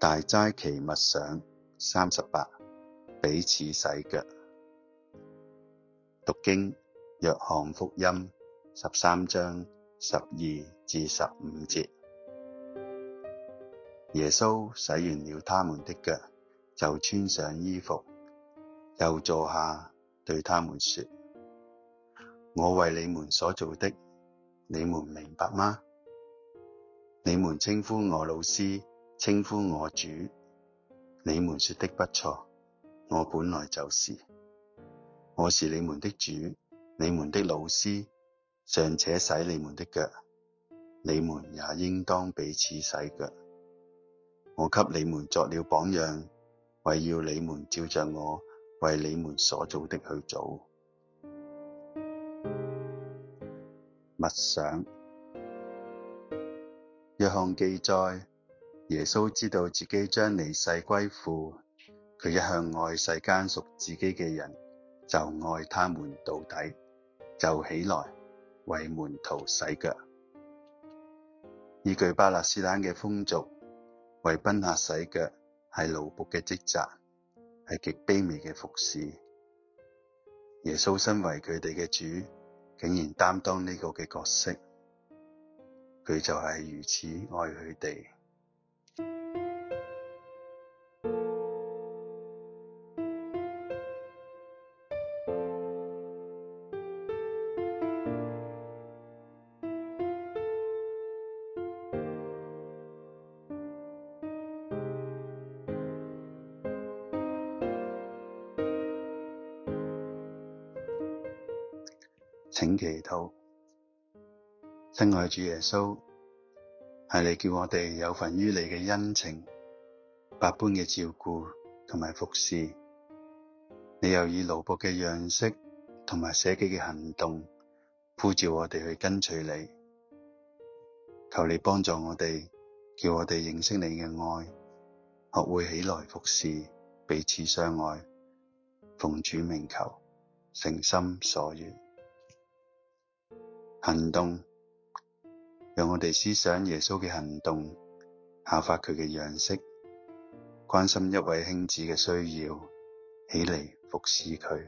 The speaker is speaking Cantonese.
大齋期默想三十八，彼此洗腳。讀經，約翰福音十三章十二至十五節。耶穌洗完了他們的腳，就穿上衣服，又坐下，對他們說：我為你們所做的，你們明白嗎？你們稱呼我老師。稱呼我主，你們說的不錯，我本來就是，我是你們的主，你們的老師，尚且洗你們的腳，你們也應當彼此洗腳。我給你們作了榜樣，為要你們照着我為你們所做的去做。默想，約翰記載。耶穌知道自己將離世歸父，佢一向愛世間屬自己嘅人，就愛他們到底，就起來為門徒洗腳。依據巴勒斯坦嘅風俗，為賓客洗腳係奴僕嘅職責，係極卑微嘅服侍。耶穌身為佢哋嘅主，竟然擔當呢個嘅角色，佢就係如此愛佢哋。請祈禱，親愛主耶穌，係你叫我哋有份於你嘅恩情，百般嘅照顧同埋服侍。你又以奴僕嘅樣式同埋捨己嘅行動，呼召我哋去跟隨你。求你幫助我哋，叫我哋認識你嘅愛，學會起來服侍，彼此相愛。奉主名求，誠心所願。行動，讓我哋思想耶穌嘅行動，效法佢嘅樣式，關心一位兄姊嘅需要，起嚟服侍佢。